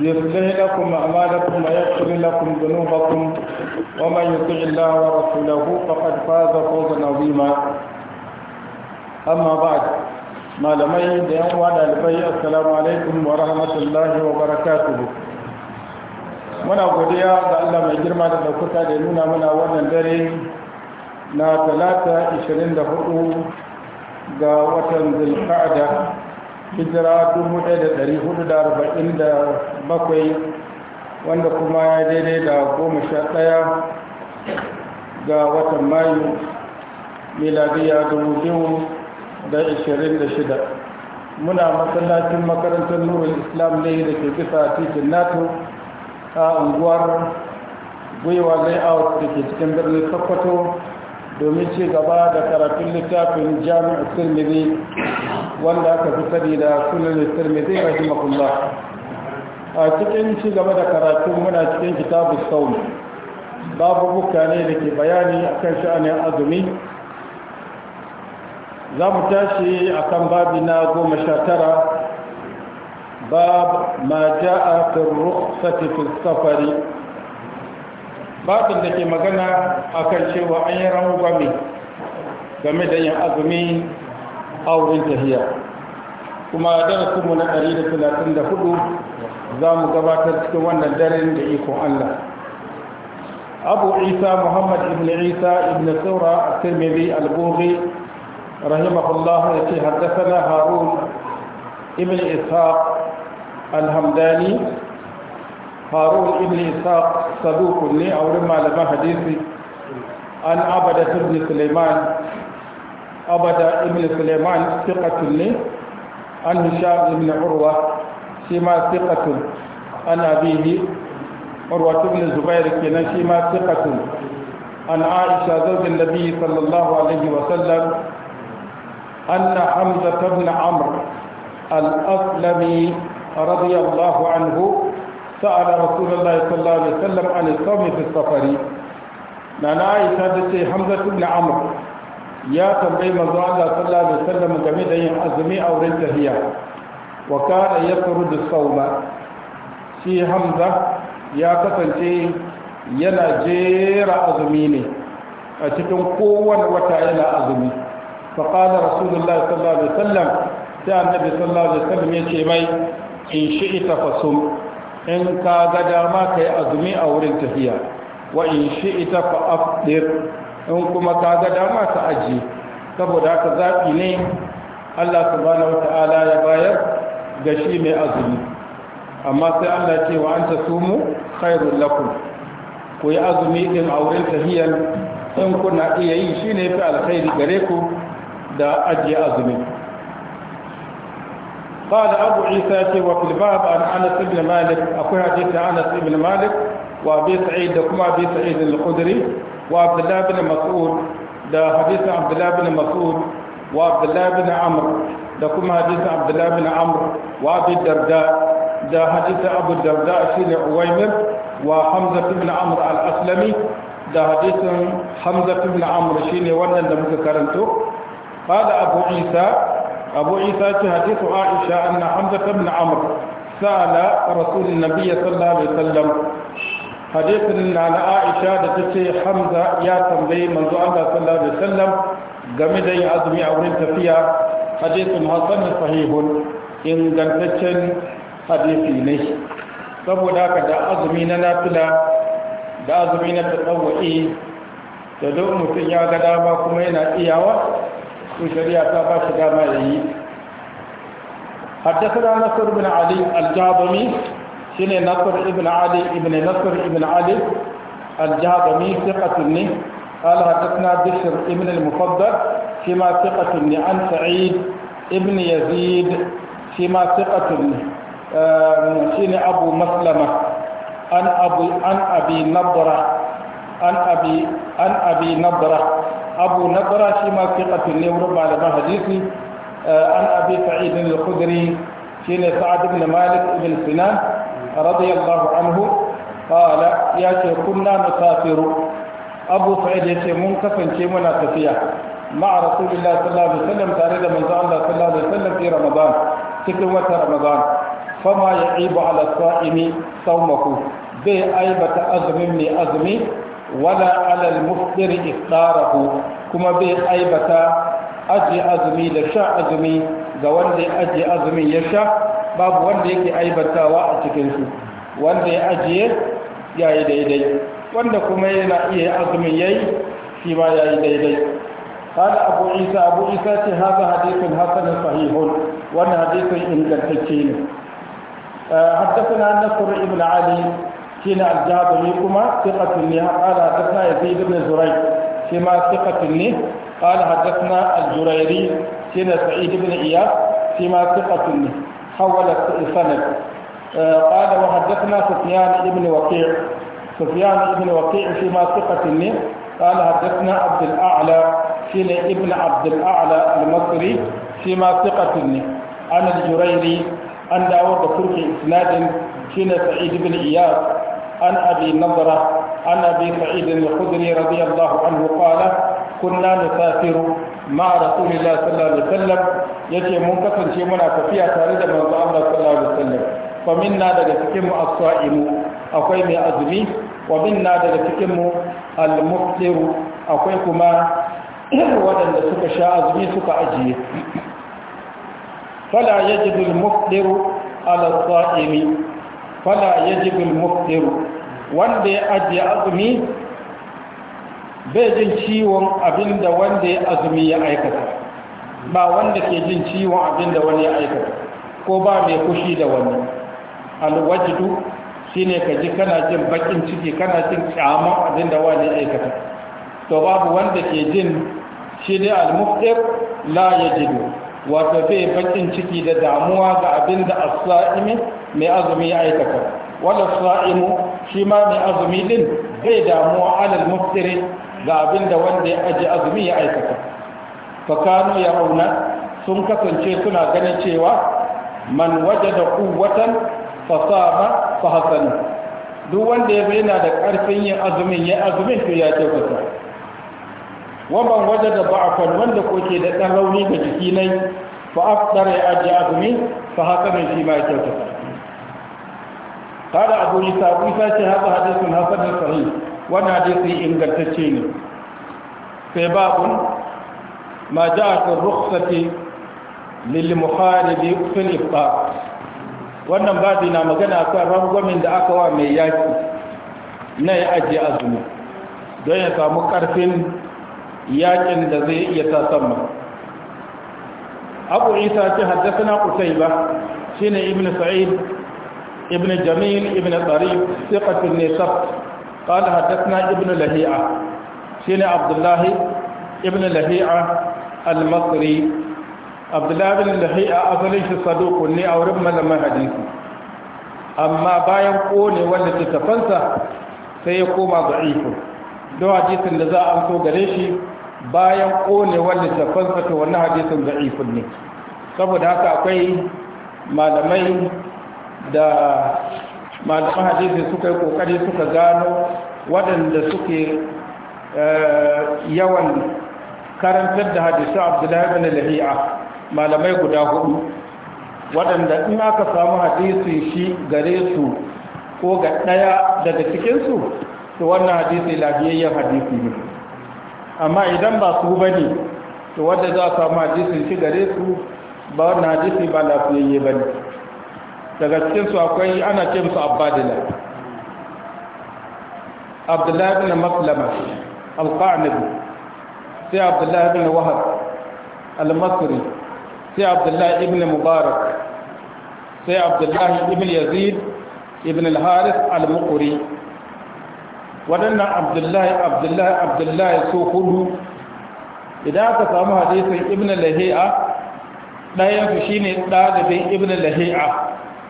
يصلح لكم أعمالكم ويغفر لكم ذنوبكم ومن يطع الله ورسوله فقد فاز فوزا عظيما أما بعد malamai da yan uwa dalibai assalamu alaikum wa rahmatullahi muna godiya ga Allah mai girma da daukuta da nuna mana wannan dare na talata 24 ga watan Zulka'ada. hijira 1447 wanda kuma ya daidai da goma sha daya ga watan mayu miladiya 2026 muna masallacin makarantar nurin islam ne da ke bisa titin nato a unguwar gwiwa layout da ke cikin birnin sokoto domin ci gaba da karatun littafin jami'ar tirmidhi wanda aka fi sani da sunan tirmidhi rahimahullah a cikin ci gaba da karatun muna cikin kitabu saun babu buka da ke bayani akan sha'anin azumi za mu tashi akan babi na goma sha tara bab ma ja'a fi safari babin da ke magana a kan cewa an yi gwami game da yin azumi a wurin tafiya kuma mu na 134 za mu gabatar cikin wannan daren da ikon Allah abu isa muhammad ibn isa ibn saura a tirmidhi al-bughi rahimahullah ya ce haddasa harun ibn ishaq al-hamdani هارون ابن إسحاق صدوق لي أو لما لما حديثي عن أبدا ابن سليمان أبدا ابن سليمان ثقة لي عن هشام بن عروة شما ثقة عن أبيه عروة بن الزبير كنا شما ثقة عن عائشة زوج النبي صلى الله عليه وسلم أن حمزة بن عمرو الأسلمي رضي الله عنه سأل رسول الله صلى الله عليه وسلم عن الصوم في السفر نانا عائشة تشي حمزة بن عمرو يا تنبي من الله صلى الله عليه وسلم جميع أن أو رنتهيا وكان يطرد الصوم شي حمزة يا كتنشي yana jera azumi ne a cikin kowane wata yana azumi faƙalar rasulullah sallallahu alaihi wasallam sai annabi sallallahu alaihi wasallam ya ce mai in shi ita fasum in ka ga dama ka yi azumi a wurin tafiya wa in shi ita fa afdir in kuma ka ga dama ka aji saboda ka zaɓi ne Allah subhanahu wata'ala ya bayar ga shi mai azumi amma sai Allah ce wa an sumu khairul lakum ku yi azumi din a wurin tafiya in kuna iya yi shine fi alkhairi gare ku da ajiye azumi قال أبو عيسى وفي الباب عن أنس بن مالك أكو حديث أنس بن مالك وأبي سعيد كما أبي سعيد الخدري وعبد الله بن مسعود ده حديث عبد الله بن مسعود وعبد الله بن عمرو ده كما حديث عبد الله بن عمرو وأبي الدرداء ده حديث أبو الدرداء شيل عويمر وحمزة بن عمرو الأسلمي ده حديث حمزة بن عمرو شيل وانا لم كرنته قال أبو عيسى أبو عيسى حديث عائشة أن حمزة بن عمرو سأل رسول النبي صلى الله عليه وسلم حديث عن عائشة تتي حمزة يا تنبي منذ الله صلى الله عليه وسلم جمد أزمي أورين تفيا حديث حسن صحيح إن جنتشن حديثي نش saboda haka da azumi na nafila da azumi na tsawa'i da duk mutum ya ga dama kuma yana iyawa in shari'a ta عليه حدثنا نصر بن علي الجابمي شنو نصر ابن علي ابن نصر ابن علي الجابمي ثقة قال حدثنا بشر ابن المفضل فيما ثقة عن سعيد ابن يزيد فيما ثقة آه، شنو أبو مسلمة عن أبي عن أبي نضرة عن أبي عن أبي نضرة أبو نضرة شما ثقة اللي وربما على ما حديثي آه، عن أبي سعيد الخدري شين سعد بن مالك بن سنان رضي الله عنه قال يا شي كنا نسافر أبو سعيد يا شي منكف من مع رسول الله صلى الله عليه وسلم تاريخ من الله صلى الله عليه وسلم في رمضان تكلمة رمضان فما يعيب على الصائم صومه بأي أزم مني أزمي wala alal muftir iftarahu kuma bai aibata aji azumi da sha azumi ga wanda ya aji azumin ya sha babu wanda yake aibatawa a cikin su wanda ya ajiye yayi daidai wanda kuma yana iya azumin yayi shi ma yayi daidai قال أبو عيسى أبو عيسى هذا حديث حسن صحيح وأن حديث إن حدثنا نصر بن علي شين الجابري ليكما ثقة لي قال حدثنا يزيد بن زريع فيما ثقة لي قال حدثنا الجريري شين سعيد بن إياس فيما ثقة لي حول السند آه، قال وحدثنا سفيان بن وقيع سفيان بن وقيع فيما ثقة لي قال حدثنا عبد الأعلى شين ابن عبد الأعلى المصري فيما ثقة لي عن الجريري أن داود تركي إسناد شين سعيد بن إياس عن أبي نضرة عن أبي سعيد الخدري رضي الله عنه قال كنا نسافر مع رسول الله صلى الله عليه وسلم يجي منكسر شيء منا تفيا تاريد من الله صلى الله عليه وسلم فمنا daga cikinmu as-sa'imu akwai mai azumi wa minna daga cikinmu al akwai kuma waɗanda suka sha azumi suka ajiye fala fala yajibu al-muftir wanda ya ajiye azumi bai jin ciwon abinda wanda ya azumi ya aikata ba wanda ke jin ciwon abinda wani ya aikata ko ba mai kushi da wani alwajidu shine ka ji kana jin bakin ciki kana jin kyaman abinda wani ya aikata to babu wanda ke jin shi ne al-muftir la yajidu wato bai bakin ciki da damuwa ga abin da mai azumi ya aikata wala sa'imu shi ma mai azumi din bai damuwa alal muftiri ga abin da wanda ya aji azumi ya aikata fakanu ya auna sun kasance suna ganin cewa man waje da kuwatan fasaba fa duk wanda ya yana da karfin yin azumin ya azumin to ya ce kusa waban waje da ba'afan wanda ko da ɗan rauni da jiki nai fa afdara ya ajiye abu fa haka mai shi ma ya kada abu isa abu isa ce haka hadisun hasan da sahih wannan hadisi ingantacce ne sai babun ma ja'a fi rukhsati lil mukharibi fil ifta wannan babi na magana kan rangwamin da aka wa mai yaki na ya ajiye azumi don ya samu karfin yakin da zai iya sa sama abu isa ce haddasa Shi ne ibn sa'id ibn jamil ibn tarif thiqatun nisab قال حدثنا ابن لهيعة شين عبد الله ابن لهيعة المصري عبد الله بن لهيعة shi صدوق ne a wurin لما hadisi. amma bayan kone wanda littattafansa sai ya koma da'ifu don hadisin da za a amso gare shi bayan ƙonewar littafansa ta wannan hadisin ifin ne saboda haka akwai malamai da malaman hadisi suka yi kokari suka gano waɗanda suke eh, yawan karantar da hadisun abdullahi bin lahiya malamai guda hudu waɗanda in aka samu hadisi shi gare su ko ga ɗaya daga cikinsu su wannan hadisi lafiyayyen hadisi ne amma idan ba su ba ne to wadda za a samu hadisin shi gare su ba wannan hadisi ba lafiyayye ba ne daga cikinsu akwai ana ce musu abadila abdullahi bin maslama alƙa'anibu sai abdullahi bin wahab al-masri sai abdullahi ibn mubarak sai abdullahi ibn yazid ibn al-haris al-muqri waɗannan abdullahi abdullahi abdullahi so hudu idan aka samu hadisin ibn lahi'a su shi ne ɗalibin ibn lahi'a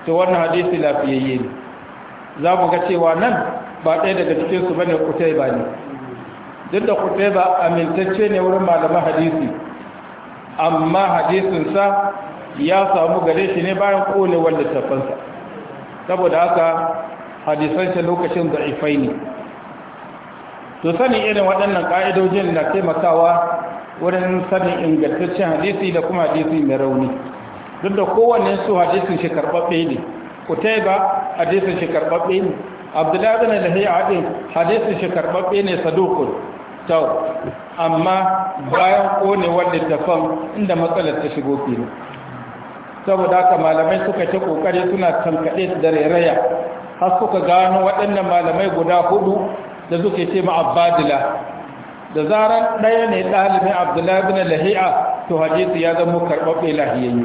to wannan hadisi lafiyayye ne za mu ga cewa nan ba ɗaya daga cikinsu ba ne kutai ba ne duk da kutai ba amintacce ne wurin malaman hadisi amma hadisinsa ya samu gare shi ne bayan ƙonewar littafansa saboda haka hadisansa lokacin da'ifai ne to sani irin waɗannan ƙa'idojin na taimakawa wurin sani ingantaccen hadisi da kuma hadisi mai rauni duk da kowane su hadisun shi karɓaɓɓe ne ba hadisun shi karɓaɓɓe ne abdullahi da lahiya hadin hadisun shi karɓaɓɓe ne sadukun tau amma bayan kone wanda tafan inda matsalar ta shigo fili saboda haka malamai suka ta kokari suna tankaɗe da rairaya har suka gano waɗannan malamai guda hudu da suke ce ma abbadila da zarar ɗaya ne ɗalibin abdullahi bin lahi'a to hadisi ya zama karɓaɓɓe lahiyayye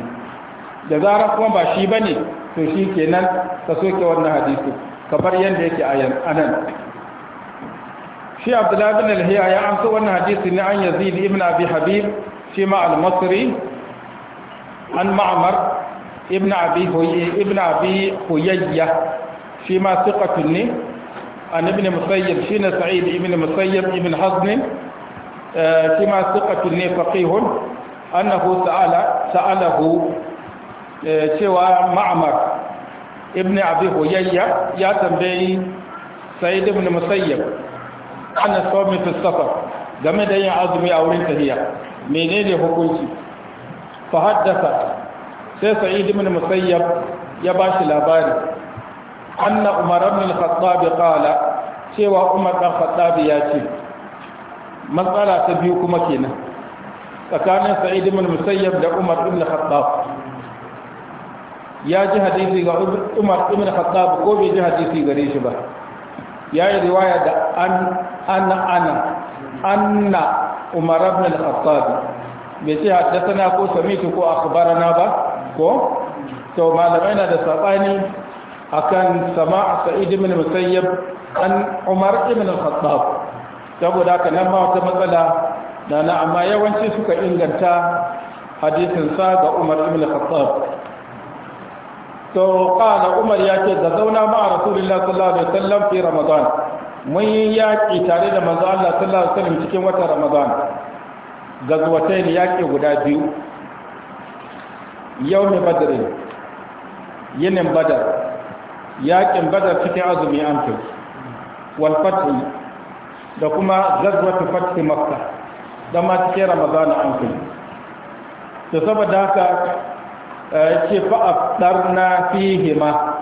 da zarar kuma ba shi ba ne to shi kenan ka soke wannan hadisi kamar yadda yake a nan shi abdullahi bin lahi'a ya amsa wannan hadisu ne an yazid ibn abi habib shi ma al-masri an ma'amar ibn abi huyayya shi ma thiqatun ne عن ابن مسيب شين سعيد ابن مسيب ابن حزن آه، كما ثقة لي فقيه أنه سأل سأله سوى آه، معمر ابن أبي هيية يا تنبي سعيد ابن مسيب أنا الصوم في السفر دم دي عزمي أورين تهيا منين هكوشي فحدث سعيد ابن مسيب يباشي الأباري anna umar ibn al-khattab qala cewa umar al khattab ya ce matsala ta biyu kuma kenan tsakanin sa'id ibn musayyab da umar ibn al-khattab ya ji hadisi ga umar ibn al-khattab ko bai ji hadisi gare shi ba ya yi riwaya da an anna anna anna umar ibn al-khattab bai ce haddasa na ko samitu ko akhbarana ba ko to malamai na da sabani akan sama'a sa'id ibn musayyab an umar ibn al-khattab saboda haka nan ma wata matsala da na amma yawanci suka inganta hadisin sa ga umar ibn al-khattab to qala umar ya ce da zauna ma rasulullah sallallahu alaihi wasallam fi ramadan mun yi yaƙi tare da manzo Allah sallallahu alaihi wasallam cikin watan ramadan gazwatai ne yaƙi guda biyu yau ne badar yinin badar yaƙin badar cikin azumi an fi wal da kuma gazwatu fatih makka da ma cikin ramadan an fi to saboda haka eh, ce fa afdarna fihi ma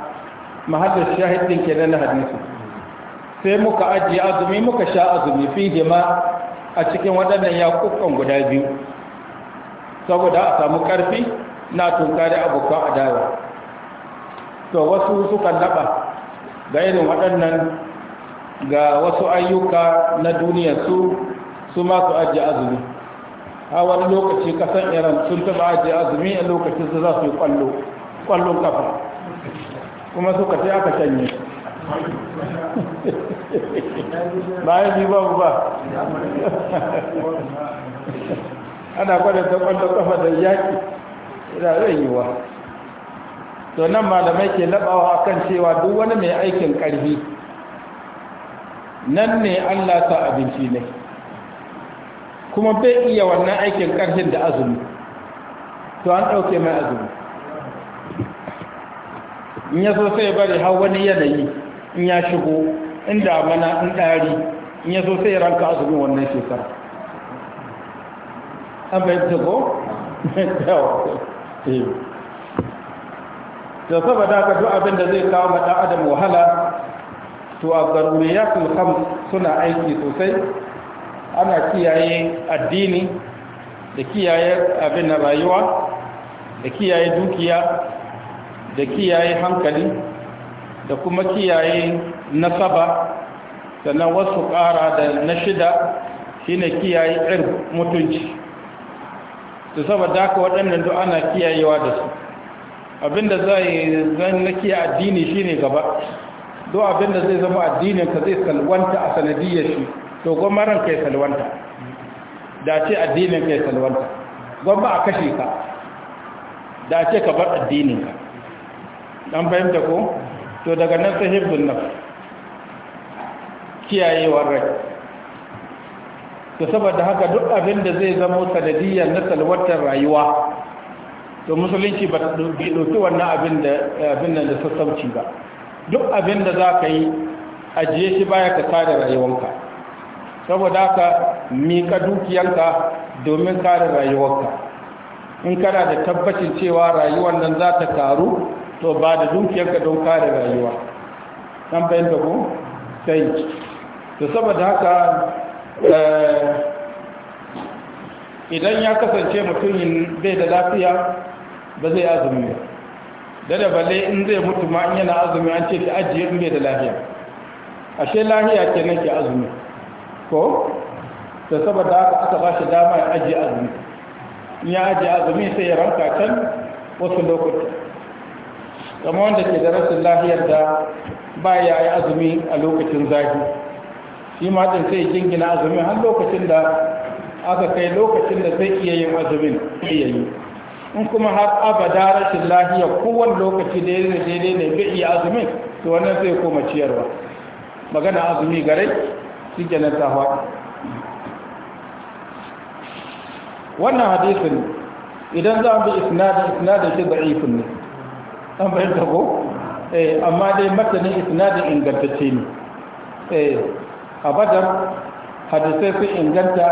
mahallin shahidin ke da hadisi sai muka ajiye azumi muka sha azumi fihi ma a cikin waɗannan yakukan guda biyu saboda a samu ƙarfi na tunkari abokan adawa to wasu suka naɓa ga irin waɗannan ga wasu ayyuka na duniya su su masu ajiye azumi a wani lokaci kasan iran sun taɓa ajiye azumi a lokacin su za su yi kwallon kafa kuma suka ce aka canye bayan yi babu ba ana kwallon ta kwallon kafa da yaƙi ina zai yiwa to nan malamai ke labawa kan cewa duk wani mai aikin ƙarfi nan ne Allah sa abinci ne kuma bai iya wannan aikin ƙarfin da azumi to an ɗauke mai azumi in ya so sai bari har wani yanayi in ya shigo in damana in ɗari in ya so sai ranka azumin wannan shekara an bai ko? yawa eh. to saboda haka duk abin da zai kawo mata adam wahala to a zaruriyatul khams suna aiki sosai ana kiyaye addini da kiyaye abin na rayuwa da kiyaye dukiya da kiyaye hankali da kuma kiyaye nasaba sannan wasu ƙara da na shida shine kiyaye irin mutunci to saboda haka waɗannan duk ana kiyayewa da su abinda zai zan nake addini shine gaba duk abinda zai zama addinin ka zai salwanta a sanadiyar shi to gwamnatin kai salwanta da ce addinin kai salwanta gwamma a kashe ka da ce ka bar addinin ka dan fahimta ko to daga nan sai hibbun nafs kiyayewar rai to saboda haka duk abinda zai zama sanadiyar na salwantar rayuwa to musulunci ba bai ɗauki wannan abin da abin da sassauci ba duk abin da za ka yi ajiye shi baya ka kare rayuwanka saboda haka miƙa dukiyanka domin kare rayuwarka in kana da tabbacin cewa rayuwar nan za ta karu to ba da dukiyanka don kare rayuwa kan da ku sai to saboda haka eh, idan ya kasance mutumin bai da lafiya ba zai azumi ba da da balle in zai mutu ma in yana azumi an ce ki ajiye in da lafiya ashe lafiya ke ki azumi ko da saboda haka aka ba shi dama ya ajiye azumi in ya ajiye azumi sai ya ranka can wasu lokaci, kamar wanda ke da rashin lafiyar da ba ya yi azumi a lokacin zafi shi ma din sai jingina azumi har lokacin da aka kai lokacin da zai iya yin azumin iya ya yi in kuma har abada rashin lahiya kowane lokaci da ya daidai ne bai iya azumin to wannan zai koma ciyarwa magana azumi gare shi kenan ta hawa wannan hadisun idan za bi isnadin isnadin shi da'ifin ne an fahimta ko eh amma dai matanin isnadin ingantacce ne eh a badar hadisai sun inganta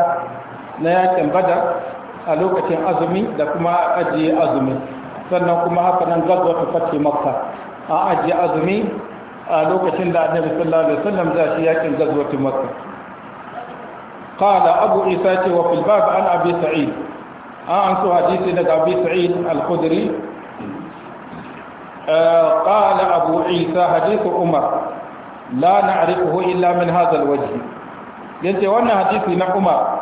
na yakin badar a lokacin azumi da kuma ajiye azumi sannan kuma haka nan gazwa ta fati makka a ajiye azumi a lokacin da annabi sallallahu alaihi wasallam za shi yakin gazwa ta makka qala abu isa ce wa fil bab an abi sa'id an an so hadisi daga abi sa'id al-khudri Isa أبو Umar, la عمر لا نعرفه إلا من هذا الوجه wannan hadisi na Umar.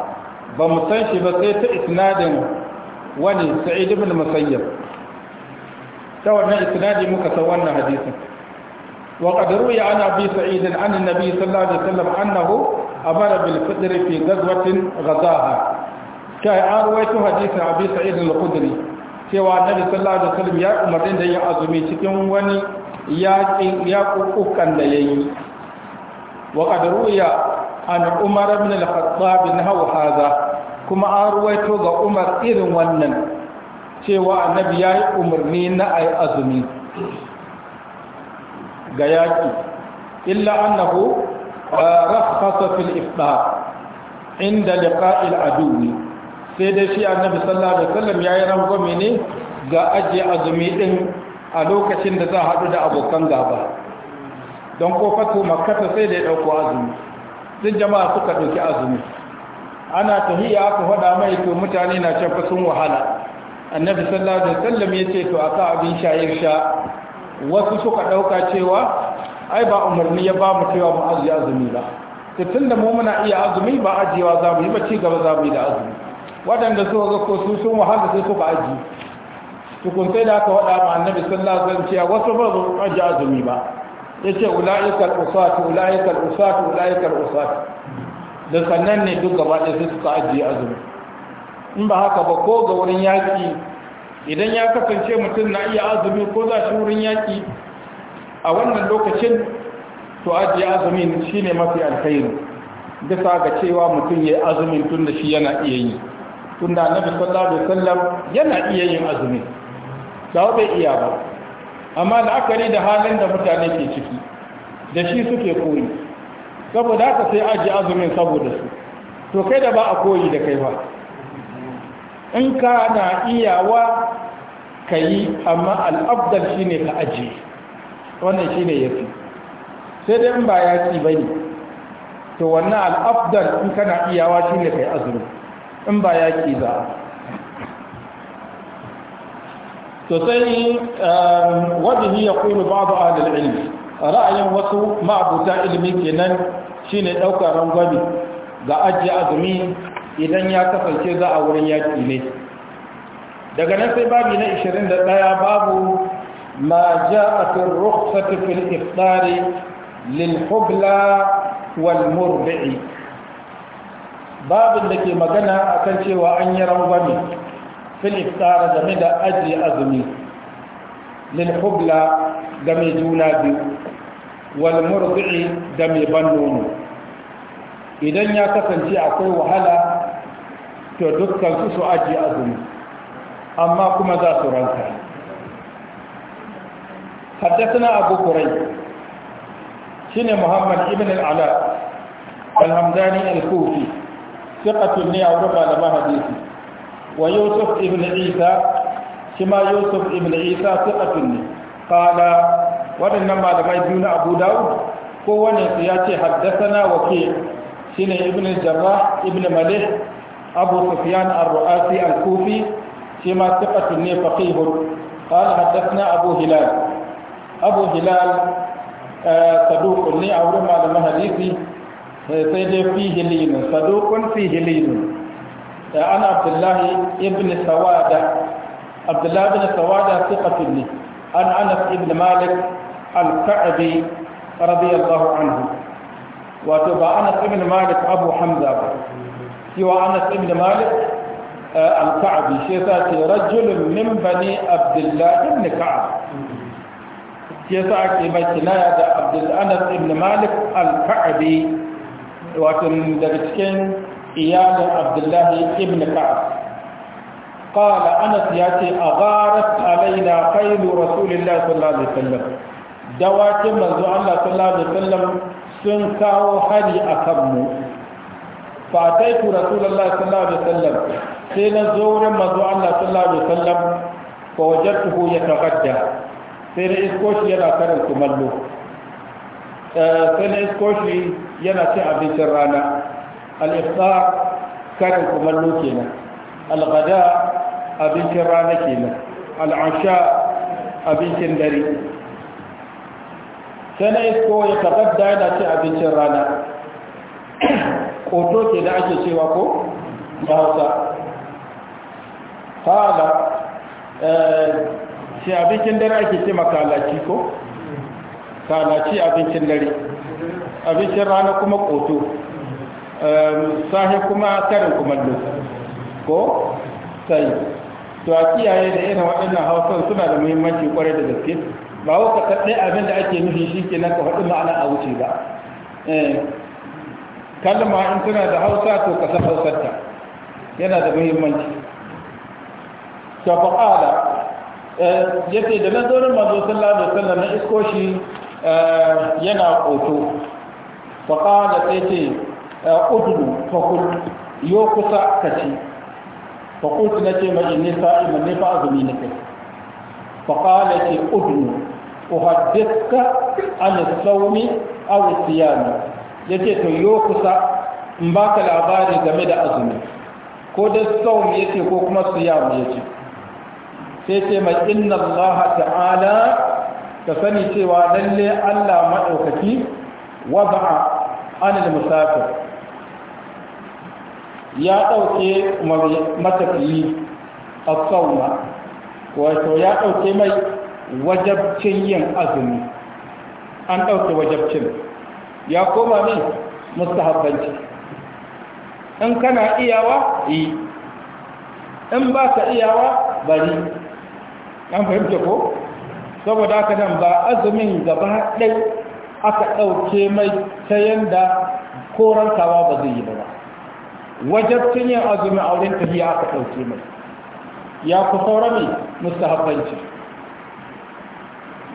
ba mu san shi ba sai ta isnadin wani sa'id ibn musayyab ta wannan isnadi muka san wannan hadisin wa qad ruya an abi sa'id an annabi sallallahu alaihi wasallam annahu amara bil fitr fi ghazwatin ghazaha kai an ruwaito hadisin abi sa'id al-khudri cewa annabi sallallahu alaihi wasallam ya umarni da ya azumi cikin wani yaƙin yaƙuƙukan da yayi wa qad ruya an umar ibn al-khattab nahwa hadha kuma an ruwaito ga umar irin wannan cewa annabi yayi umarni na ayi azumi ga yaki illa annahu ah, rakhasa fil iftar inda liqa'il aduwi sai dai shi annabi sallallahu alaihi wasallam yayi rangwame ne ga ajiye azumi din a lokacin da za a haɗu da abokan gaba don ko fatu ta sai da ya ɗauko azumi Sun jama'a suka ɗauki azumi ana tahiyya aka faɗa mai to mutane na can sun wahala annabi sallallahu alaihi wasallam ya ce to aka abin shayir sha wasu suka ɗauka cewa ai ba umarni ya ba mu cewa mu ajiye azumi ba to tunda mu muna iya azumi ba ajiyewa za mu yi ba ci gaba za mu yi da azumi waɗanda suka ga ko su sun wahala sai suka aji kun sai da aka faɗa ma annabi sallallahu alaihi wasallam cewa wasu ba su ajiye azumi ba yace ulaika al-usatu ulaika al-usatu ulaika al-usatu da sannan ne duk gaba ɗaya sai suka ajiye azumi in ba haka ba ko ga wurin yaƙi idan ya kasance mutum na iya azumi ko za shi wurin yaƙi a wannan lokacin to ajiye azumin shine mafi alkhairu bisa ga cewa mutum ya yi azumin tun da shi yana iya yi tun da annabi sallallahu alaihi wasallam yana iya yin azumi da bai iya ba amma la'akari da halin da mutane ke ciki da shi suke koyi saboda haka sai aji azumin saboda su to kai da ba a koyi da kai ba in ka na iyawa ka yi amma al'abdar shi ne ka aji wannan shi ne ya fi sai dai in ba ya ci ba to wannan al'abdar in ka na iyawa shi ne ka yi azumin in ba ya ki za Sosai um, wadda ya kulu babu ahlul ilmi ra'ayin wasu ma'abuta ilimi kenan shi ne ɗauka rangwami ga ajiye azumi idan ya kasance za a wurin yaki ne daga nan sai babi na 21 babu ma ja'atul rukhsatu fil iftari lil hubla wal babin da ke magana akan cewa an yi rangwami filif tsara game da ajiye azumi lilhubla da mai juna biyu walmurzi da mai ban nono idan ya kasance akwai wahala to dukkan su su ajiye azumi amma kuma za su ranka حدثنا أبو قريب شنو محمد ابن العلاء الهمداني الكوفي ثقة لي أو لما حديثي ويوسف ابن عيسى كما يوسف ابن عيسى ثقة قال ولنما لما يدون أبو داود كون سياتي حدثنا وكيع سنة ابن الجراح ابن مليح أبو سفيان الرؤاسي الكوفي كما ثقة فقيه قال حدثنا أبو هلال أبو هلال آه، صدوق لي أو رمى لما حديثي آه، سيدي فيه لين صدوق فيه لين عن عبد الله بن سوادة عبد الله بن سوادة ثقة لي عن أنس بن مالك الكعبي رضي الله عنه وتبع أنس بن مالك أبو حمزة سوى أنس بن مالك آه، الكعبي شيساتي رجل من بني عبد الله بن كعب شيساتي مجناية عبد أنس بن مالك الكعبي وتم درجتين إياد عبد الله ابن كعب قال أنس ياتي أغارت علينا خيل رسول الله صلى الله عليه وسلم دواكي من الله صلى الله عليه وسلم سنكاو حالي أكمو فأتيت رسول الله صلى الله عليه وسلم سينا زور من الله صلى الله عليه وسلم فوجدته يتغدى سينا إسكوش ينا كرم تملو سينا إسكوش ينا تعبي سرانا al-ifta karin kumallo ke nan, al’ada abincin rana ke nan, asha abincin dare sai na isko ya da yana ce abincin rana ƙoto ke da ake cewa ko da hausa fala ce eh, abincin dare ake ce makalaci ko kalaci abincin dare abincin rana kuma koto Ehm, sahi kuma karin kumallo ko sai to a kiyaye da irin waɗannan hausan suna da muhimmanci kwarai da gaske ba wa ka kaɗe abin da ake nufi shi ke nan ka faɗi ma'ana a wuce ba eh. kalma in suna da hausa to ka san hausarta yana da muhimmanci shafa'ala eh, ya ce da na zorin mazo sallah da sallah na isko shi eh, yana ƙoto faƙala sai ce udlu fakul yo kusa ka ci fakultu na ce mai nisa sa'iman ne fa azumi na kai faƙala ce udlu uhaddika an saumi aw siyami yace to yo kusa in baka labari game da azumi ko da saum yace ko kuma siyam yace sai ce mai inna Allah ta'ala ka sani cewa lalle Allah madaukaki wada'a anil musafir ya ɗauke matafiyi a sauna wato ya ɗauke mai wajabcin yin azumi an ɗauke wajabcin ya koma ne mustahabbanci in kana iyawa yi in ba ka iyawa bari an fahimta ko saboda aka nan ba azumin gaba ɗai aka ɗauke mai ta yanda korantawa ba zai yi ba wajabtun yin azumin auren ta ya aka ɗauke mai ya ku saura mai haɓanci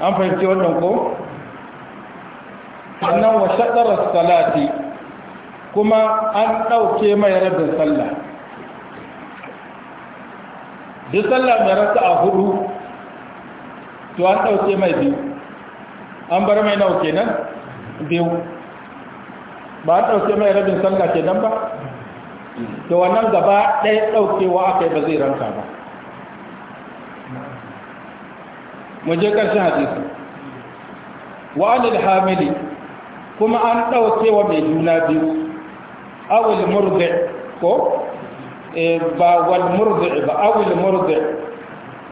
an fahimci wannan ko sannan wa shaɗarar salati kuma an ɗauke mai rabin sallah duk sallah mai rasa a hudu to an ɗauke mai biyu an bar mai nau kenan biyu ba an ɗauke mai rabin sallah kenan ba to wannan gaba ɗaya ɗaukewa aka yi ba zai ranka ba mu je ƙarshen hadisi wa anil hamili kuma an ɗaukewa mai juna biyu awul murdi ko eh, ba wal murdi ba awul murdi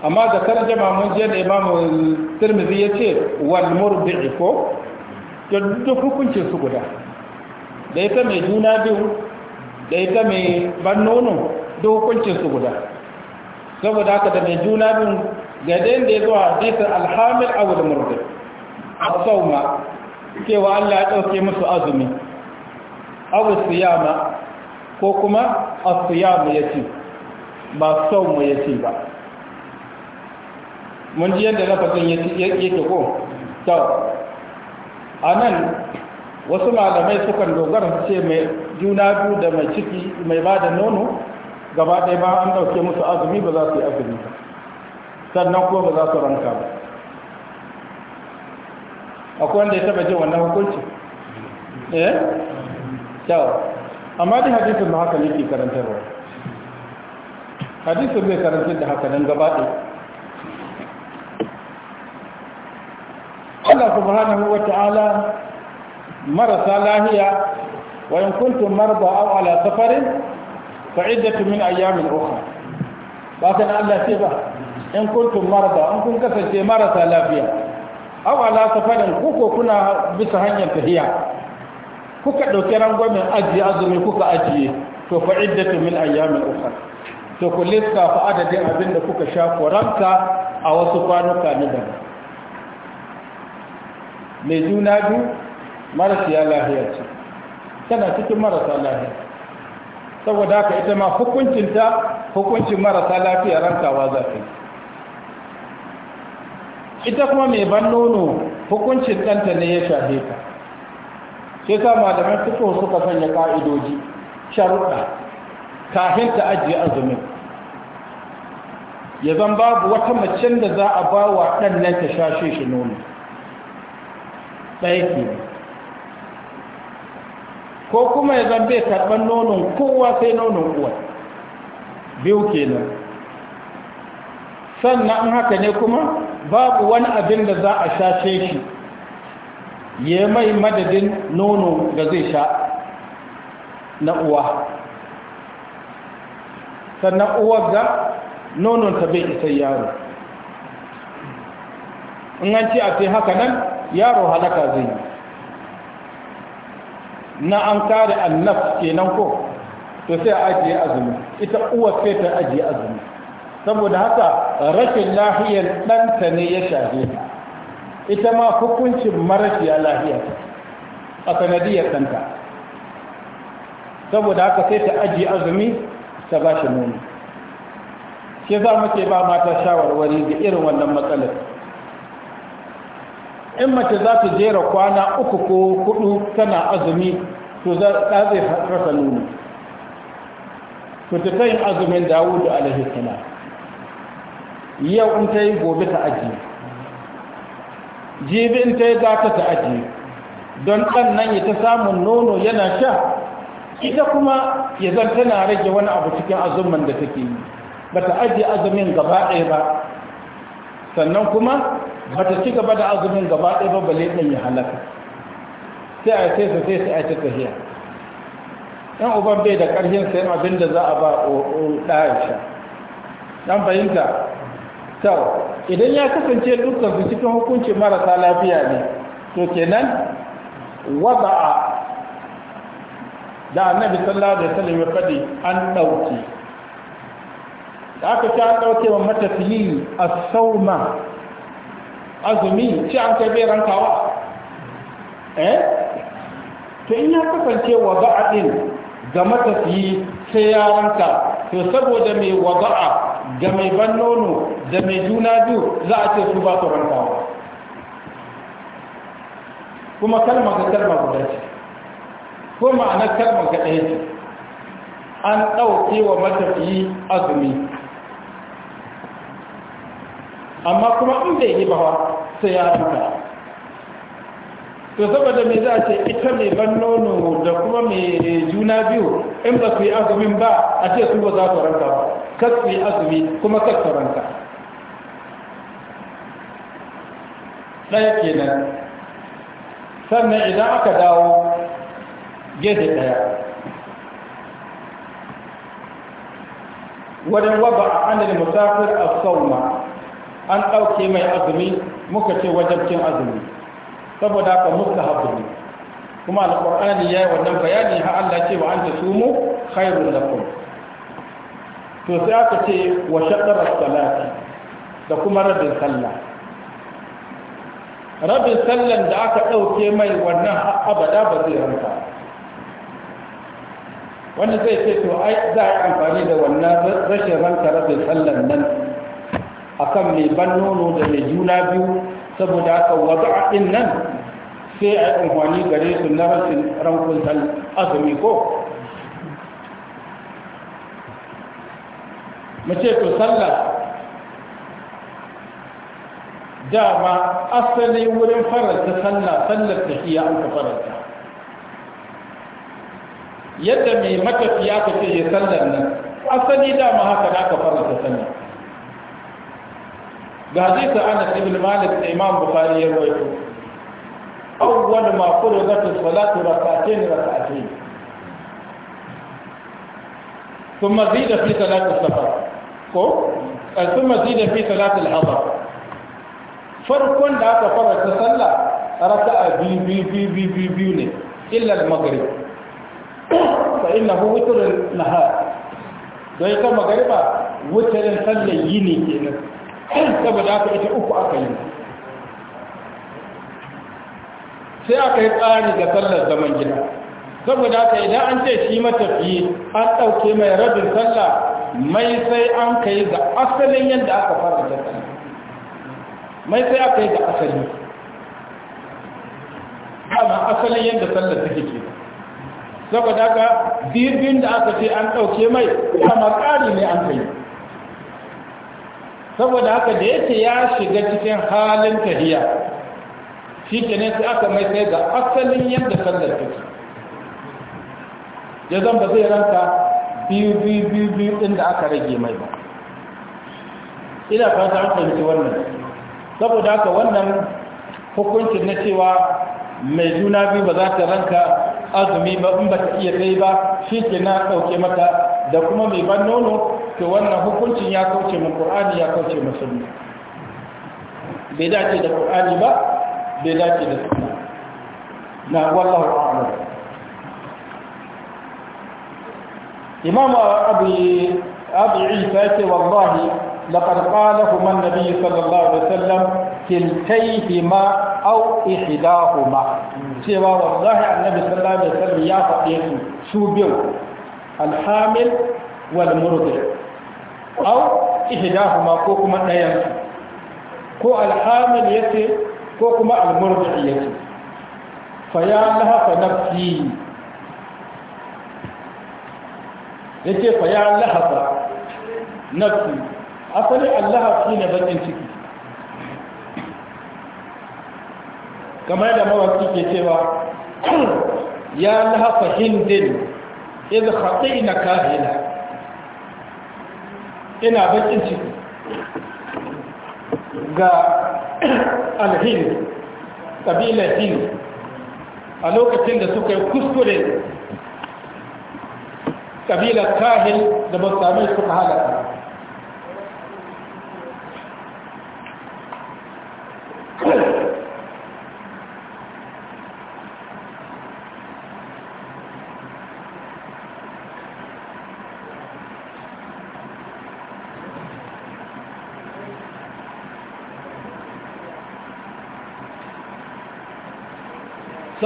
amma da tarjama mun je da imam tirmidhi yace wal murdi ko duk hukuncin su guda da ita mai juna biyu da ita mai ban nono da hukuncin su guda saboda haka da mai juna bin gade da ya zuwa hadisin alhamil abu da murdu a ma, cewa Allah ya ɗauke musu azumi abu yama ko kuma a siyama ya ce ba sauma ya ce ba mun ji yadda ya ke ko tau a nan wasu malamai sukan dogara su ce mai juna biyu da mai ciki mai ba da nono gaba ɗaya ba an ɗauke musu azumi ba za su yi azumi ba sannan kuma ba za su ranka ba akwai wanda ya taba jin wannan hukunci eh kyau amma dai hadisin ba haka yake karantarwa hadisin bai karantar da haka nan gaba ɗaya Allah subhanahu wa ta'ala marasa lahiya wa in kuntum marda aw ala safarin fa iddatu min ayyamin ukhra ba kana Allah sai ba in kuntum marda an kun kasance marasa lafiya aw ala safarin kuko kuna bisa hanyar tahiya kuka dauki rangwamen ajiye azumi kuka ajiye to fa iddatu min ayyamin ukhra to ku lissafa adadin abin da kuka sha koranta a wasu kwanuka na daban mai juna biyu marasiya lahiya ce tana cikin marasa lahiya saboda haka ita ma hukuncinta hukuncin marasa lafiya rankawa za ta ita kuma mai ban nono hukuncin ɗanta ne ya shafe ta sai sa malamai fito suka sanya ƙa'idoji sharuɗa kafin ta ajiye azumin ya zan babu wata macen da za a ba wa nan ta shashe shi nono ɗaya ke ko kuma ya zambe karɓar nonon kowa sai nonon uwa biyu kenan sannan haka ne kuma babu wani abin da za a shashe shi ya mai madadin nono da zai sha na uwa sannan uwar ga nonon ta bai isa yaro in an ce a ce haka nan yaro halaka zai yi na an kare annaf kenan ko to sai ajiye azumi ita uwar sai ta ajiye azumi saboda haka rashin lahiyar ɗanta ne ya shafe ita ma hukuncin marashiya lahiya a sanadiyar ɗanta saboda haka sai ta ajiye azumi ta ba shi nuni ke za mu ce ba mata shawarwari ga irin wannan matsalar in mace za ta jera kwana uku ko hudu tana azumi to za ta zai rasa nuna to ta kai azumin dawudu alaihi salam yau in ta yi gobe ta ajiye jibi in ta yi gata ta ajiye don ɗan nan ya ta samun nono yana sha ita kuma ya zan tana rage wani abu cikin azumin da take yi ba ta ajiye azumin gaba ɗaya ba sannan kuma ba ta ci gaba da azumin gaba ɗaya ba balle ɗan ya halaka sai a sai su sai su a ta hiya ɗan uban bai da ƙarfin sayan abin da za a ba ɗaya sha ɗan fahimta sau, idan ya kasance dukkan su cikin hukunci marasa lafiya ne to kenan a. da annabi sallallahu alaihi wasallam ya fadi an dauke da aka ta dauke wa matafiyi as-sauma azumi ci an kai bai rankawa eh to in ya kasance wa din ga matafiyi sai ya ranka to saboda mai wada'a ga mai ban nono da mai juna biyu za a ce su ba su rankawa kuma kalma ga kalma guda ce ko ma'anar kalma ga ɗaya ce an ɗauke wa matafiyi azumi amma kuma in bai yi bawa sai ya tuka to saboda me za ce ita mai ban nono da kuma mai juna biyu in ba su yi azumin ba a ce su ba za su ranka ba kas su yi azumi kuma kas su ranka ɗaya kenan sannan idan aka dawo gefe ɗaya wajen waba a annal musafir a sauma an ɗauke mai azumi muka ce wajabcin azumi saboda haka mustahabu ne kuma alqur'ani yi wannan bayani har Allah ce wa anta sumu khairul lakum to sai aka ce wa shaqqara salati da kuma rabin sallah rabin sallan da aka ɗauke mai wannan abada ba zai ranka wanda zai ce to ai za a amfani da wannan rashin ranta rabin sallan nan akan mai ban nono da mai juna biyu saboda aka wata aɗin nan sai a yi amfani gare su na rashin rankun azumi ko mace to sallah dama asali wurin faranta sallah sallar tafiya an ka faranta yadda mai matafiya ka ce ya sallar nan asali dama haka da aka faranta sallah حديث أنس بن مالك الإمام بخاري يروي أول ما فرضت الصلاة ركعتين ركعتين ثم زيد في صلاة السفر ثم زيد في صلاة الحضر فرق لا تفرق تصلى ركع بي بي بي بي بي بي إلا المغرب فإنه وتر النهار ويتم المغرب وتر صلى يني كينا saboda haka ita uku aka yi sai aka yi tsari ga sallar zaman gida saboda aka idan an ce shi matafiye an ɗauke mai rabin sallah mai sai an ka yi ga asalin yadda aka fara da mai sai aka yi ga asali ba asalin yadda sallar ta ke saboda aka birbin da aka ce an ɗauke mai kama ƙari ne an ka yi saboda haka da yake ya shiga cikin halin tahiya shi ne sai aka mai sai ga asalin yadda sallar ce ya zan ba zai ranka biyu biyu biyu biyu ɗin da aka rage mai ba ina fata an fahimci wannan saboda haka wannan hukuncin na cewa mai juna biyu ba za ta ranka azumi ba in ba ta iya kai ba shi ke na ɗauke mata da kuma mai ban nono to wannan hukuncin ya kauce mu qur'ani ya kauce mu sunna bai dace da qur'ani ba bai dace da sunna na wallahu a'lam imam abi abi isa ce wallahi laqad qalahu man nabiy sallallahu alaihi wasallam kiltayhima aw ihdahuma cewa wallahi annabi sallallahu alaihi wasallam ya faɗe su su biyu alhamil wal murdi au ihdahuma ko kuma ɗayan ko alhamil yace ko kuma almurdi yace fa ya laha fa nafsi yace fa ya laha fa nafsi asali allaha shine bakin ciki kamar da mawaki ke cewa ya laha fa hindin idh khatina kahila ina bakin ciki ga alhin ƙabilar hin a lokacin da suka yi kuskure ƙabilar kahil da ba sami suka halaka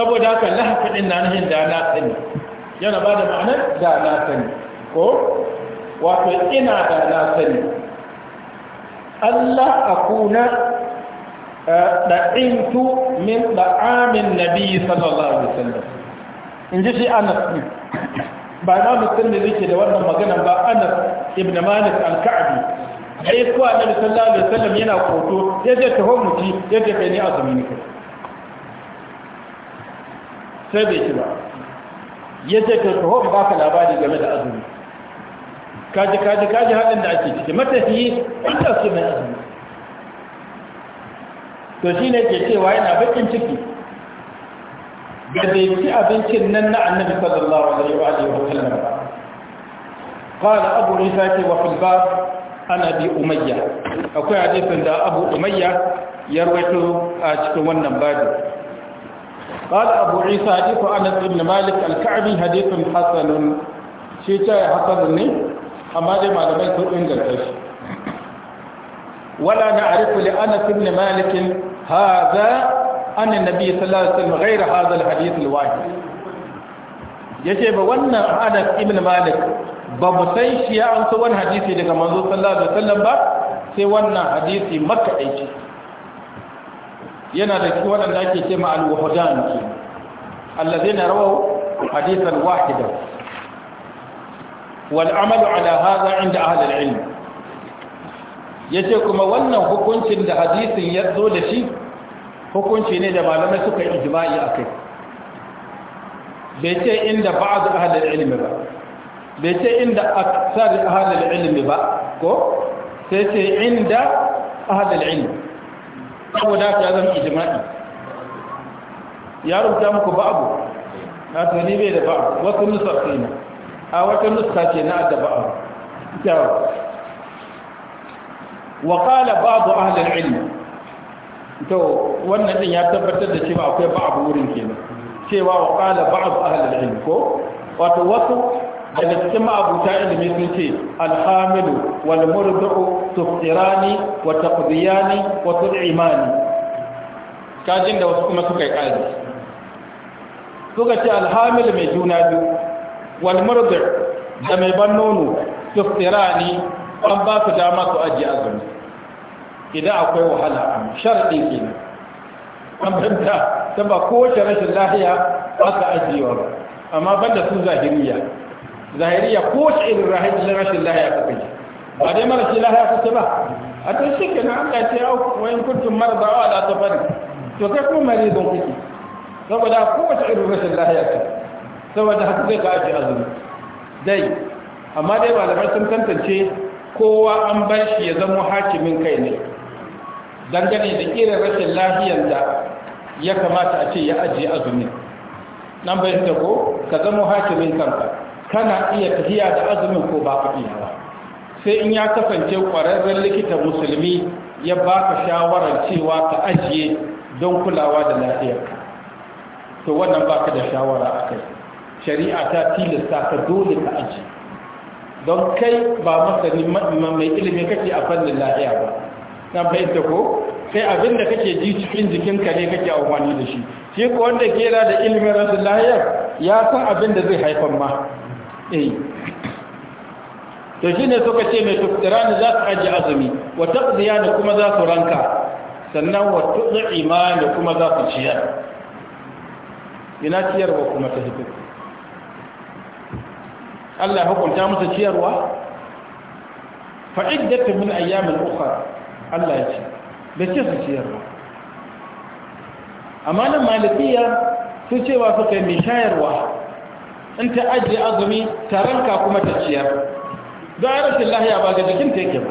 saboda haka lahaka din na nahin da na sani yana ba da ma'anar da na sani ko wato ina da na sani Allah a kuna eh, da'intu min da'amin nabi sallallahu alaihi wasallam in ji shi anas ba na mutum da yake da wannan magana ba anas ibn malik al-ka'bi ai kuwa nabi sallallahu alaihi wasallam yana koto yaje taho muti yaje kai ne azumi ne sai bai ci ba ya ce ka taho ba ka labari game da azumi kaji kaji kaji haɗin da ake ciki matafiyi an ɗauke mai azumi to shi ne ke cewa yana bakin ciki da bai ci abincin nan na annabi sallallahu alaihi wa alihi wa sallam qala abu isa ce wa fil bab ana bi umayya akwai hadisin da abu umayya ya rawaito a cikin wannan babu قال أبو عيسى حديث أنس بن مالك الكعبي حديث حسن شيء حسن أما دي معلمين سوء إنجلتش ولا نعرف لأنس بن مالك هذا أن النبي صلى الله عليه وسلم غير هذا الحديث الواحد yace ba wannan Anas ibn Malik ba mu san shi ya amsa wani hadisi daga manzo sallallahu alaihi wasallam ba sai wannan hadisi maka aiki yana da cikin waɗanda ake ce ma al-wahadan ke allazina rawahu hadithan wahida wal amalu ala hadha inda ahli al-ilm yace kuma wannan hukuncin da hadisin ya zo da shi hukunci ne da malamai suka yi ijma'i akai bai ce inda ba'd ahli al-ilm ba bai ce inda aksar ahli al-ilm ba ko sai ce inda ahli al-ilm saboda ka zama ijma'i ya rubuta muku ba'abu na to ni bai da ba'abu wasu nusa kenan a wata nusa ce na da ba'abu kyawu wa ba'abu a ahli al to wannan din ya tabbatar da cewa akwai ba'abu wurin kenan cewa waƙala ba'abu a ahli al ko wato wasu daga cikin ma'abuta ilimi sun ce alhamilu wal murdu'u tufsirani wa taqdiyani wa tud'imani kajin da wasu kuma suka yi kaji suka ce alhamil mai juna biyu wal murdu' da mai ban nono tufsirani an ba su dama su ajiye azumi idan akwai wahala a sharɗi kenan an fahimta ta ba kowace rashin lahiya ba aka ajiyewa amma banda su zahiriya zahiriya ko ta irin rashin lahiya ta kai ba dai mara shi lahiya kuke ba a ta shi ke na Allah ce ya kurkin mara marda wa ta fari to kai kuma maridon kuke saboda ko ta irin rashin lahiya ta saboda haka zai ka aji azumi dai amma dai malamai sun tantance kowa an bar shi ya zama hakimin kai ne dangane da irin rashin lahiyar da ya kamata a ce ya ajiye azumi nan bai ko ka zama hakimin kanka kana iya tafiya da azumin ko ba ka iya ba sai in ya kasance ƙwararren likita musulmi ya ba ka shawarar cewa ka ajiye don kulawa da lafiyarka to wannan ba ka da shawara a kai shari'a ta tilasta ka dole ka aji. don kai ba masani mai ilimi kake a fannin lafiya ba na bayyanta ko sai abin da kake ji cikin jikinka ne kake amfani da shi shi ko wanda ke da ilimin rasu lahiyar ya san abin da zai haifar ma eh to ne suka ce mai tuftirani za su ajiye azumi wata taqdiya da kuma za su ranka sannan wa tud'ima da kuma za su ciyar ina ciyarwa kuma ta hito Allah hukunta musu ciyarwa fa iddatu min ayyamin ukhra Allah ya ce da ce su ciyarwa amma nan malikiya su cewa suka yi shayarwa in ta ajiye azumi taron kuma ta ciyar don a rashin lahiya ba ga jikin ta yake ba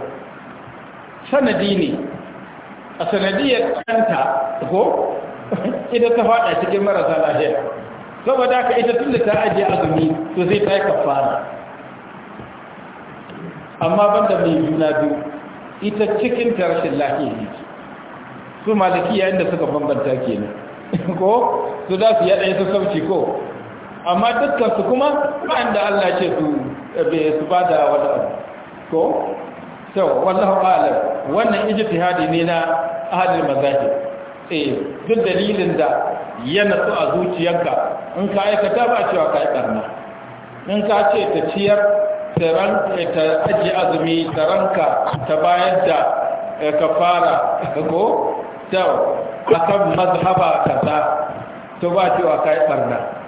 sanadi ne a sanadiyar kanta ko idan ta fada cikin marasa lahiya saboda ka ita tun da ta ajiye azumi to zai ta yi kafara amma banda mai juna biyu ita cikin ta rashin lahiya ne su maliki yayin da suka bambanta kenan ko su za su yaɗa ita sauci ko amma dukkan su kuma ba'an da Allah ce su eh, su ba da wani Ko to so wallahu alam wannan ijtihadi ne na ahli mazahib eh duk dalilin da ya natsu a zuciyarka in ka aikata ba cewa ka yi karna in ka ce ta ciyar ta eh, aji azumi ta ranka ta bayar da eh, kafara ko ta akan mazhaba kaza to ba cewa ka yi karna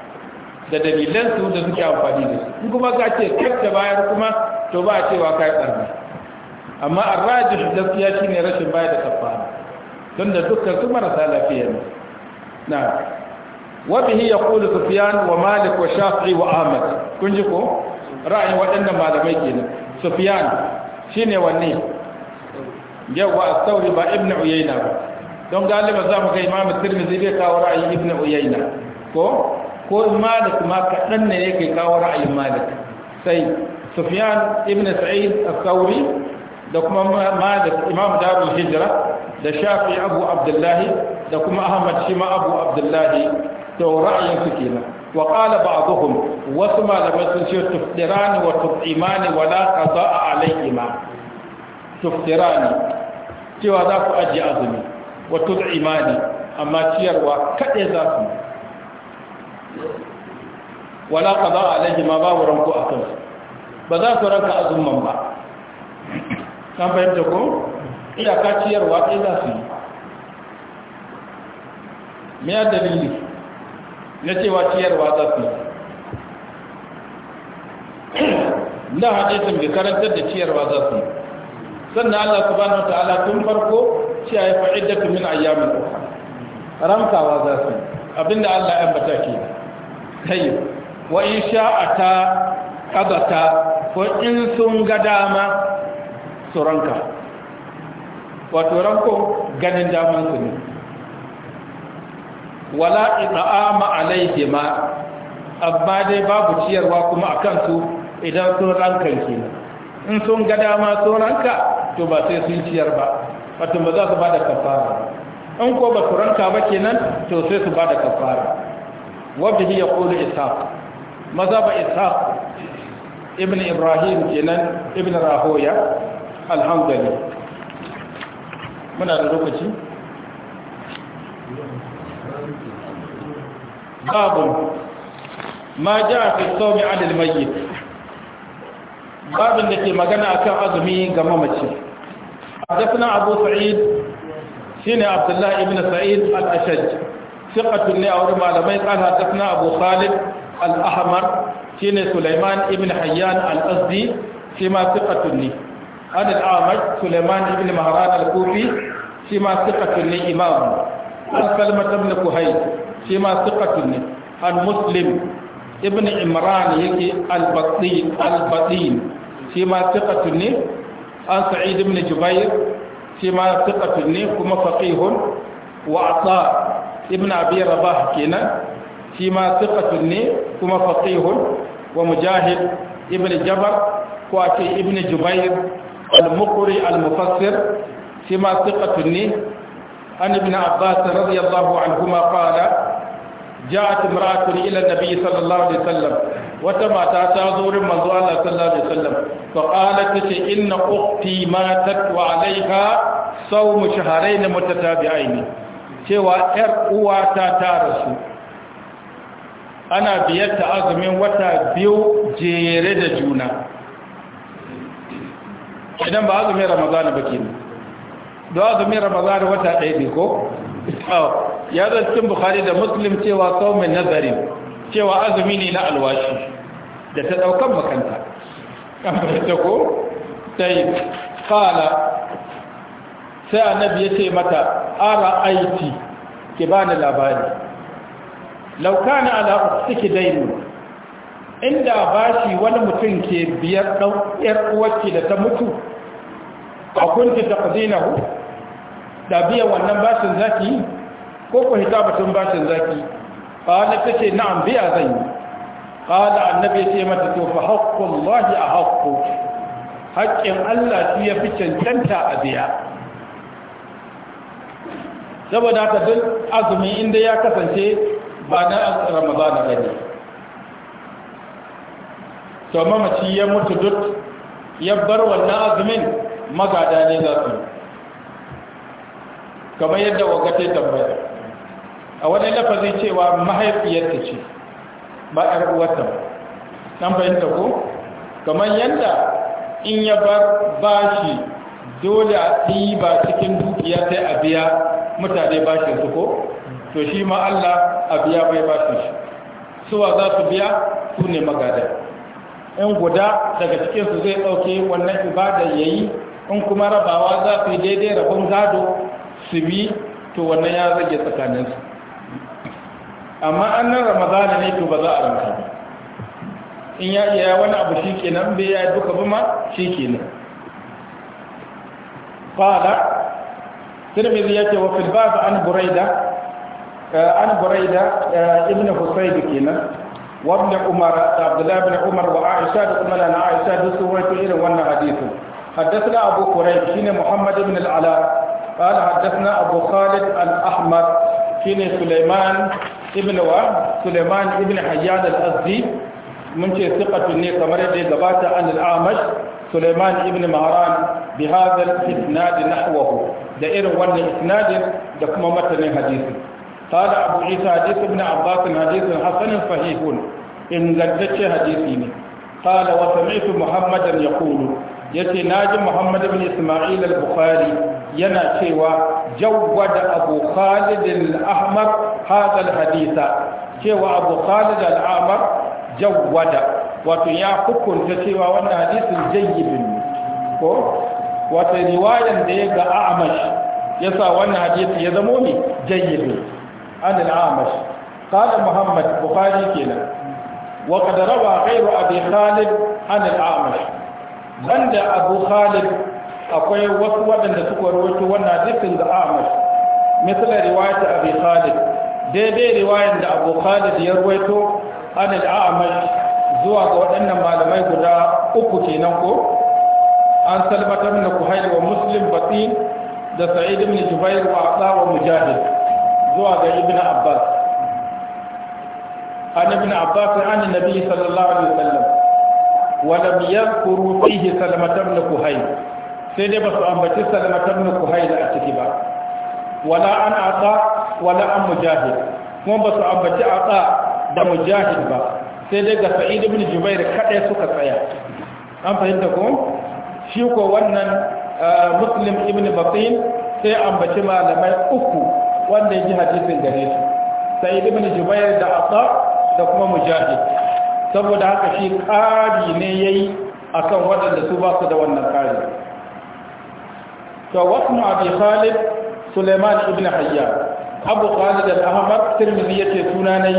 da dalilan su da suke amfani da su in kuma ka ce kyafta bayar kuma to ba a cewa kai barna amma arrajih gaskiya shine rashin bayar da kafara don da dukkan su marasa lafiya ne na wa bihi yaqulu sufiyan wa malik wa shafi wa ahmad kun ji ko ra'ayin waɗannan malamai kenan shi shine wanne yawa astauri ba ibn uyayna ba don galiba za mu ga imamu tirmidhi zai kawo ra'ayin ibn uyayna ko ko malik ma kaɗan ne yake kawo ra'ayin malik sai sufyan ibn sa'id al-thawri da kuma malik imam darul hijra da shafi abu abdullahi da kuma ahmad shi ma abu abdullahi to ra'ayin su kenan wa qala ba'dhum wasu malamai sun ce tufdirani wa tufimani wa la qada'a alayhima tufdirani cewa za ku ajiye azumi wa tufimani amma ciyarwa kaɗai za su wala ka ba qada alaihi ma babu ranko kan? ba za su ranka azumman ba kan fahimta ko Iyaka ka ciyarwa ɗaya za su yi me ya dalili na cewa ciyarwa za su yi na haɗe sun bi karantar da ciyarwa za su yi sannan Allah su subhanahu ta'ala tun farko cewa ya fa'iddatu min ayyamin ramkawa za su abinda Allah ya bata ke tayi wa in sha'ata qabata ko in sun ga dama suranka Wa wato ranko ganin daman su ne wala ita'ama ma amma dai babu ciyarwa kuma akan su idan sun rankan kenan in sun ga dama sun ranka to ba sai sun ciyar ba wato ba za su ba da kafara in ko ba su ranka ba kenan to sai su ba da kafara wabda ya kula ishaq mazhab ishaq ibn ibrahim kenan ibn rahoya alhamdulillah muna da lokaci babu ma ja fi sawmi adil mayyit babin da ke magana akan azumi ga mamaci حدثنا أبو سعيد سيني عبد الله بن سعيد الأشج ثقة لأور معلمين قال حدثنا أبو خالد الأحمر كين سليمان ابن حيان الأزدي فيما ثقة لي أنا الأعمش سليمان ابن مهران الكوفي فيما ثقة لي إمام الكلمة ابن بن كهيل فيما ثقة لي عن مسلم ابن عمران يكي البطين البطين فيما ثقة لي عن سعيد بن جبير فيما ثقة لي كما فقيه وعطاء ibn abi rabah kenan shi ma thiqatun ne kuma faqihun wa mujahid ibn jabar ko ake ibn jubair al-muqri al-mufassir shi ma thiqatun ne an ibn abbas radiyallahu ma qala ja'at imra'atun ila an-nabi sallallahu alaihi wasallam wata mata ta zo wurin manzo Allah sallallahu alaihi wasallam fa qalat tace inna ukhti matat wa alaiha sawm shahrayn mutatabi'ain cewa ‘yar uwa ta tara su ana biyar ta azumin wata biyu jere da juna idan ba azumin ramazana ba ke da azumin ramazana wata ɗaya ne ko? ya zo cikin bukhari da muslim cewa saumin nazarin cewa azumi ne na alwashi da ta ɗaukan makanta kan fahimta ko? yi kala sai annabi ya ce mata ara aiti ki bani labari laukana ala uksiki dainu inda bashi wani mutum ke biyar ɗau'yar uwarki da ta mutu a kunti ta da biya wannan bashin zaki ko ku hita bashin zaki ƙala ta ce na'am biya zan yi ƙala annabi ce mata to fa haƙƙun a haƙƙo haƙƙin allah shi ya fi cancanta a biya saboda haka duk azumi inda ya kasance ba na ramadana ba ne to mamaci ya mutu duk ya bar wannan azumin magada ne za su kamar yadda wagatai tambaya a wani lafazin cewa mahaifiyarta ce ba a uwarta ɗan fahimta ko kamar yadda in ya bar shi dole a ba cikin dukiya sai a biya mutane bashin su ko to shi ma Allah a biya bai bashin shi suwa za su biya su ne magada in guda daga cikin su zai dauke wannan ibada yayi in kuma rabawa za su yi daidai rabon gado su bi to wannan ya rage tsakaninsu amma an nan ramadana ne to ba za a ranka ba in ya iya wani abu shi kenan bai ya duka ba ma shi kenan الترمذي يأتي وفي الباب عن بريدة آه، عن بريدة آه، ابن حسين كنا وابن عمر عبد الله بن عمر وعائشة ثم لنا عائشة بسويت إلى وانا حديثه حدثنا أبو قريب كنا محمد بن العلاء قال حدثنا أبو خالد الأحمر كنا سليمان ابن و سليمان ابن حيان الأزدي من شيء ثقة مني كمريد عن الأعمش سليمان ابن مهران بهذا الاسناد نحوه da irin wannan isnadin da kuma matanin hadisi قال أبو عيسى حديث ابن عباس حديث حسن صحيح إن قدتش حديثين قال وسمعت محمدا يقول يتي ناجي محمد بن إسماعيل البخاري ينا شوى جود أبو خالد الأحمر هذا الحديث شوى أبو خالد الأحمر جود وتيا حكم تشوى وأن حديث جيد ko wata riwayan da ya ga a'amash ya sa wannan hadisi ya zamo ne jayyidu an al'amash qala muhammad bukhari kenan wa qad rawa ghayru abi khalid an al'amash banda abu khalid akwai wasu waɗanda suka rawaito wannan hadisin da a'amash misali riwayat abi khalid daidai riwayan da abu khalid ya rawaito an al'amash zuwa ga waɗannan malamai guda uku kenan ko an salbata min kuhayl wa muslim batin da sa'id ibn jubair wa ata wa mujahid zuwa ga ibn abbas an ibn abbas an nabi sallallahu alaihi wasallam wa lam yadhkuru fihi salmata min kuhayl sai dai ba basu ambaci salmata min kuhayl a ciki ba wala an ata wala an mujahid kuma basu ambaci ata da mujahid ba sai dai ga sa'id ibn jubair kadai suka tsaya an fahimta ko shi ko wannan eh, muslim ibn batin sai ambaci malamai uku wanda ya ji hadisin gare shi sai ibn jubair da asa da kuma mujahid saboda haka shi ƙari ne ya yi a waɗanda su ba su da wannan ƙari to wasu abi khalid suleiman ibn hayya abu khalid al-ahmad tirmidhi yace suna ne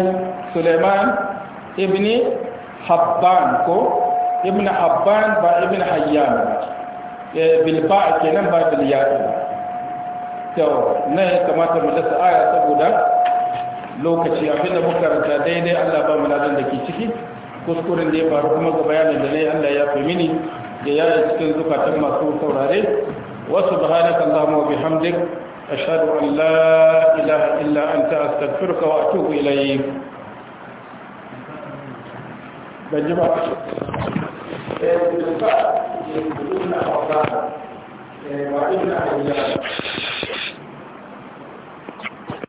suleiman ibn habban ko ibn abban ba ibn hayyan ba eh, bilba kenan ba bil ba to na ya kamata mu dasa aya saboda lokaci abinda muka rata daidai Allah ba mu ladan da ke ciki kuskuren da ya faru kuma ga bayanin da nayi Allah ya fi mini da ya yi cikin zukatan masu saurare wa subhanaka allahumma wa bihamdik ashhadu an la ilaha illa anta astaghfiruka wa atubu ilayk ban بالفعل يجبرون أوضاعهم وإن أولادهم